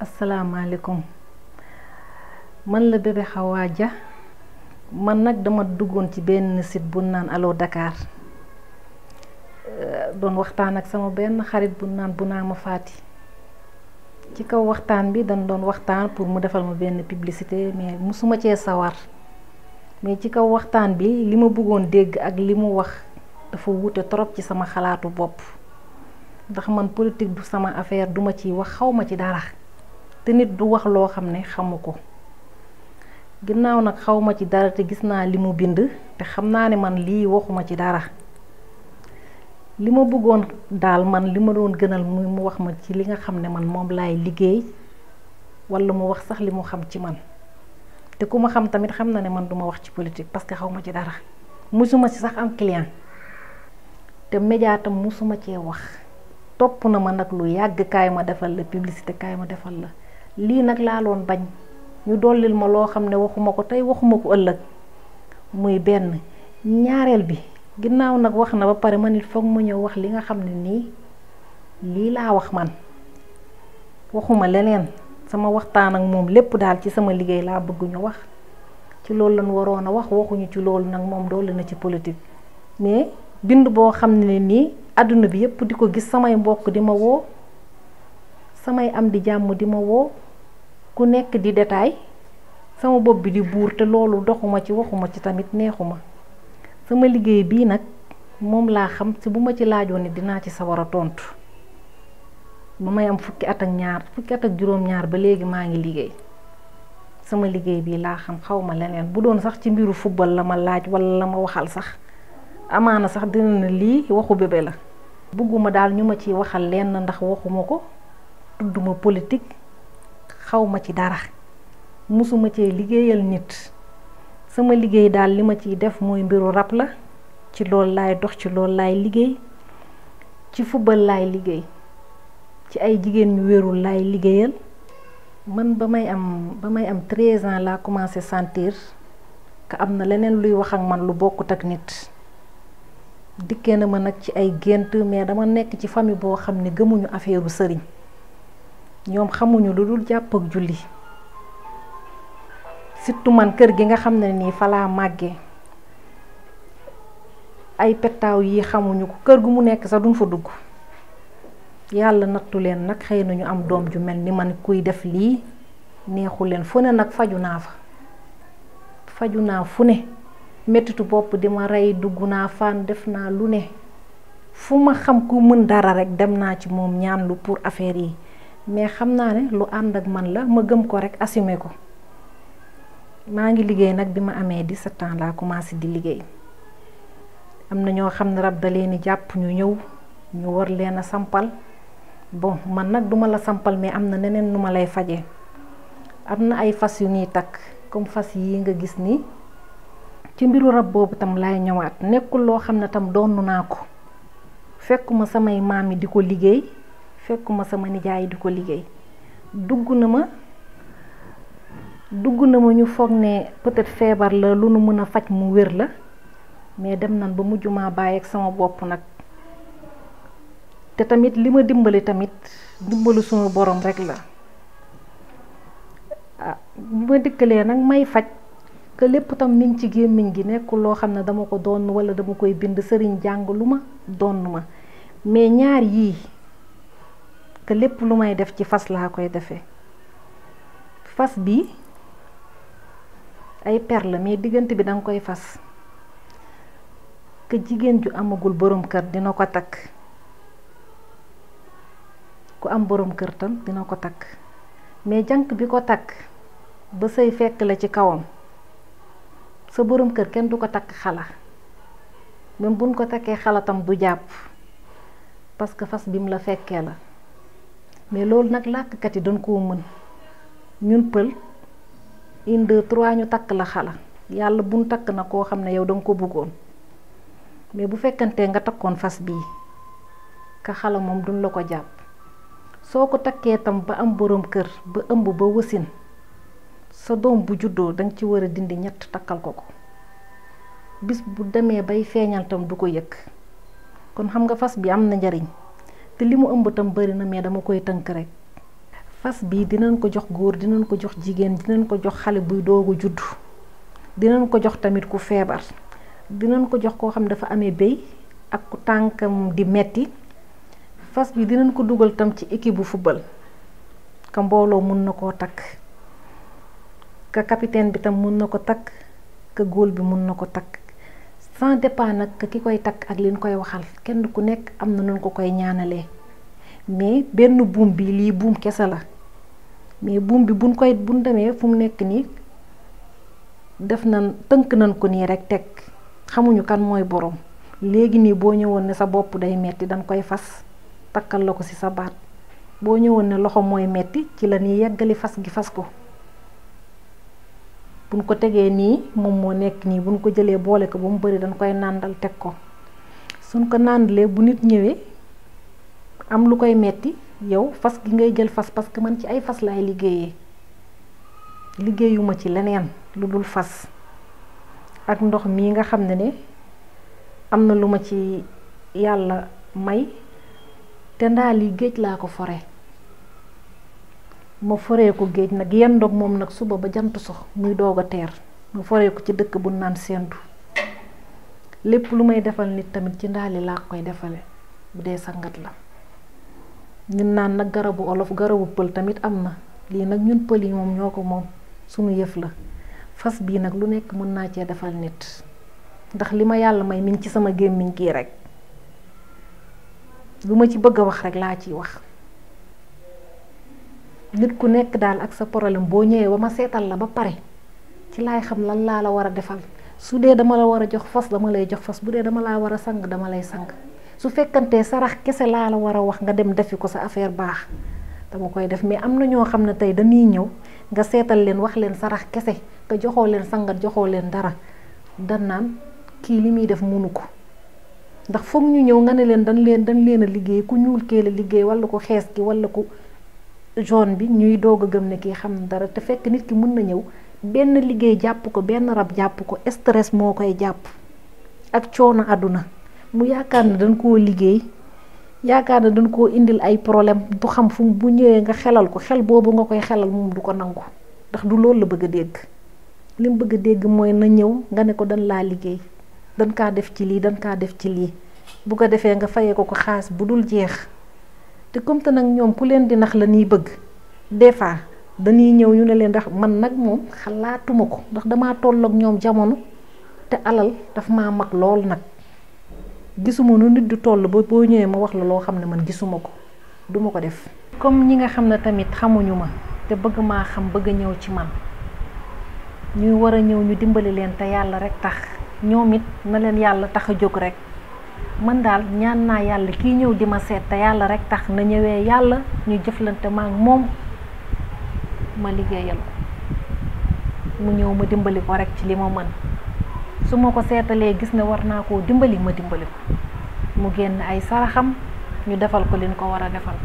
asalaamaaleykum man la bébé Hawa ja man nag dama duggoon ci benn sit bu naan Allo dakaar euh, doon waxtaan ak sama benn xarit bu naan bu naa ma faati ci kaw waxtaan bi dañ doon waxtaan pour mu defal ma benn publicité mais musuma cee sawar mais ci kaw waxtaan bi li ma bëggoon dégg ak li mu wax dafa wuute trop ci sama xalaatu bopp ndax man politique du sama affaire duma ci wax xaw ma ci dara te nit du wax loo xam ne xamu ko ginnaaw nag xawma ci dara te gis naa li mu bind te xam naa ne man lii waxuma ci dara li ma bëggoon daal man li ma doon gënal muy mu wax ma ci li nga xam ne man moom laay liggéey walla mu wax sax li mu xam ci man te ku ma xam tamit xam na ne man duma wax ci politique parce que ma ci dara musuma ci sax am client te média tam musuma cee wax topp na ma nag lu yàgg kaay ma defal la publicité kaay ma defal la lii nag laa doon bañ ñu dollil ma loo xam ne waxuma ko tey waxuma ko ëllëg muy benn ñaareel bi ginnaaw nag wax na ba pare ma nit foog mu ñëw wax li nga xam ne nii lii laa wax man waxuma leneen sama waxtaan ak moom lépp daal ci sama liggéey laa bëgguñu wax ci loolu lañ waroon a wax waxuñu ci lool nag moom dolli na ci politique mais bind boo xam ne nii àdduna bi yépp di ko gis samay mbokk di ma woo samay am di jàmm di ma woo ku nekk di détail sama bopp bi di buur te loolu doxuma ci waxuma ci tamit neexuma sama liggéey bii nag moom laa xam si bu ma ci laajoon ne dinaa ci sawar a tontu ba may am fukki at ak ñaar fukki at ak juróom-ñaar ba léegi maa ngi liggéey sama liggéey bii laa xam xaw ma leneen bu doon sax ci mbiru football la ma laaj wala la ma waxal sax amaana sax dina na lii waxu bébé la. bëgguma daal ñu ma ci waxal lenn ndax waxuma ko tudduma politik xawma ci dara mosuma cee liggéeyal nit sama liggéey daal li ma ciy def mooy mbiru rab la ci loolu laay dox ci lool laay liggéey ci fubal laay liggéey ci ay jigéen ñu wérul laay liggéeyal man ba may am ba may am treize ans laa commencé sentir que am na leneen luy wax ak man lu bokkut ak nit dikkee na ma nag ci ay gént mais dama nekk ci famille boo xam ne gëmuñu affaireu sëriñ ñoom xamuñu lu dul jàpp julli surtout man kër gi nga xam na nii falaa màggee ay pettaaw yi xamuñu ko kër gu mu nekk sax duñ fa dugg yàlla nattu leen nag xëy nañu am doom ju mel ni man kuy def lii neexu leen fu ne nag faju naa fa faju naa fu ne mettitu bopp di ma rey dugg naa fan def naa lu ne fu ma xam ku mën dara rek dem naa ci moom ñaan lu pour affaire yi mais xam naa ne lu ànd ak man la ma gëm ko rek assumer ko maa ngi liggéey nag bi ma amee di ans laa commencé di liggéey am na ñoo xam ne rab da leen jàpp ñu ñëw ñu war leen a sampal bon man nag duma la sampal mais am na neneen nu ma lay faje am na ay fas yu ñuy takk comme fas yi nga gis ni ci mbiru rab boobu tam laay ñëwaat nekkul loo xam ne tam doonu naa ko fekkuma samay maam yi di ko liggéey fekkuma sama nijaay di ko liggéey dugg na ma dugg na ma ñu foog ne peut-être feebar la lu nu mën a faj mu wér la mais dem nan ba mujj maa bàyyi ak sama bopp nag te tamit li ma dimbali tamit dimbalu suma borom rek la ah bu ma dikkalee nag may faj que lépp tam miñ ci gémmiñ gi nekkul loo xam ne dama ko donn wala dama koy bind sëriñ jàng lu ma doon ma mais ñaar yii te lepp lu may def ci fas la koy defé fas bi ay perle mais digënté bi dang koy fas que jigen ju amagul borom kër dina ko tak ku am borom kër tam dina ko tak mais jank bi ko tak ba sey fekk la ci kawam sa borom kër kenn du ko tak xala même buñ ko xala tam du japp parce que fas bim la fekké la mais loolu nag làkkat yi dañ koo mën ñun pël une deux ñu takk la xala yàlla buñ takk na koo xam ne yow danga ko bëggoon mais bu fekkantee nga takkoon fas bi ka xala moom duñ la ko jàpp soo ko takkee tam ba am boroom kër ba ëmb ba wasin sa doom bu juddoo danga ci war a dindi ñett takkal ko ko bis bu demee bay feeñal tam du ko yëg kon xam nga fas bi am na njariñ te li mu ëmb tam bëri na mais dama koy tënk rek fas bii dinañ ko jox góor dinañ ko jox jigéen dinañ ko jox xale buy doog a judd dinañ ko jox tamit ku feebar dinañ ko jox koo xam dafa amee béy ak ku tànkam di metti fas bi dinañ ko dugal tam ci équipe bu football ka mbooloo mun na koo takk ka capitaine bi tam mun na ko takk ka góol bi mun na ko takk sans dépend nag ki koy takk ak liñ koy waxal kenn ku nekk am na nun ko koy ñaanale mais benn buum bi lii buum kese la mais buum bi buñ koy buñ demee fu mu nekk nii def nan tënk nañ ko nii rek teg xamuñu kan mooy boroom léegi nii boo ñëwoon ne sa bopp day metti dañ koy fas takkal la ko ci sa baat boo ñëwoon ne loxo mooy metti ci la ñuy yeggali fas gi fas ko buñ ko tegee nii moom moo nekk nii buñ ko jëlee boole ko ba mu bëri dañ koy nàndal teg ko suñ ko nàndalee bu nit ñëwee am lu koy metti yow fas gi ngay jël fas parce que man ci ay fas laay liggéeyee liggéeyuma ci leneen lu dul fas ak ndox mii nga xam ne ne am na lu ma ci yàlla may te ndaal yi géej laa ko fore ma foreeku géej nag yendoog moom nag suba ba jant sox muy doog a teer ma foree ko ci dëkk bu naan sendu lépp lu may defal nit tamit ci ndaali laa koy defale bu dee sangat la ñun naan nag garabu olof garabu pël tamit am na lii nag ñun pël yi moom ñoo ko moom sunu yëf la fas bii nag lu nekk mën naa cee defal nit ndax li ma yàlla may mi ci sama gémmiñ gii rekk lu ma ci bëgg a wax rekk laa ciy wax nit ku nekk daal ak sa problème boo ñëwee ba ma seetal la ba pare ci laay xam lan laa la war a defal su dee dama la war a jox fas dama lay jox fas bu dee dama laa war a sang dama lay sang su fekkantee sarax kese laa la war a wax nga dem defi ko sa affaire baax dama koy def mais am na ñoo xam ne tey dañuy ñëw nga seetal leen wax leen sarax kese nga joxoo leen sangat joxoo leen dara dan naan kii li muy def munu ko ndax foog ñu ñëw nga ne leen dañ leen dañ leen a liggéey ku ñuul kee la liggéey wala ko xees ki wala ko zone bi ñuy doog a gëm ne kii xam na dara te fekk nit ki mun na ñëw benn liggéey jàpp ko benn rab jàpp ko stress moo koy jàpp ak coono àdduna mu yaakaar ne dañ koo liggéey yaakaar na dañ koo indil ay problème du xam fu bu ñëwee nga xelal ko xel boobu nga koy xelal moom du ko nangu ndax du loolu la bëgg a dégg li bëgg a dégg mooy na ñëw nga ne ko dañ laa liggéey dañ kaa def ci lii dañ kaa def ci lii bu ko defee nga fayee ko ko xaas bu dul jeex te comme te nag ñoom ku leen di nax la ñuy bëgg des fois dañuy ñëw ñu ne leen ndax man nag moom xalaatuma ndax damaa toll ak jamono te alal daf ma mak lool nak, gisuma nu nit du toll ba boo ñëwee ma wax la man gisuma ko def comme ñi nga xam tamit xamuñu ma te bëgg maa xam bëgg ñëw ci man ñuy war a ñëw ñu dimbali leen rek tax na rek man daal ñaan naa yàlla kiy ñëw di ma seet te yàlla rek tax na ñëwee yàlla ñu jëflante maak moom ma liggéeyal ko mu ñëw ma dimbali ko rek ci li ma mën su ma ko seetalee gis ne war naa koo dimbali ma dimbali ko mu génn ay saraxam ñu defal ko liñ ko war a defal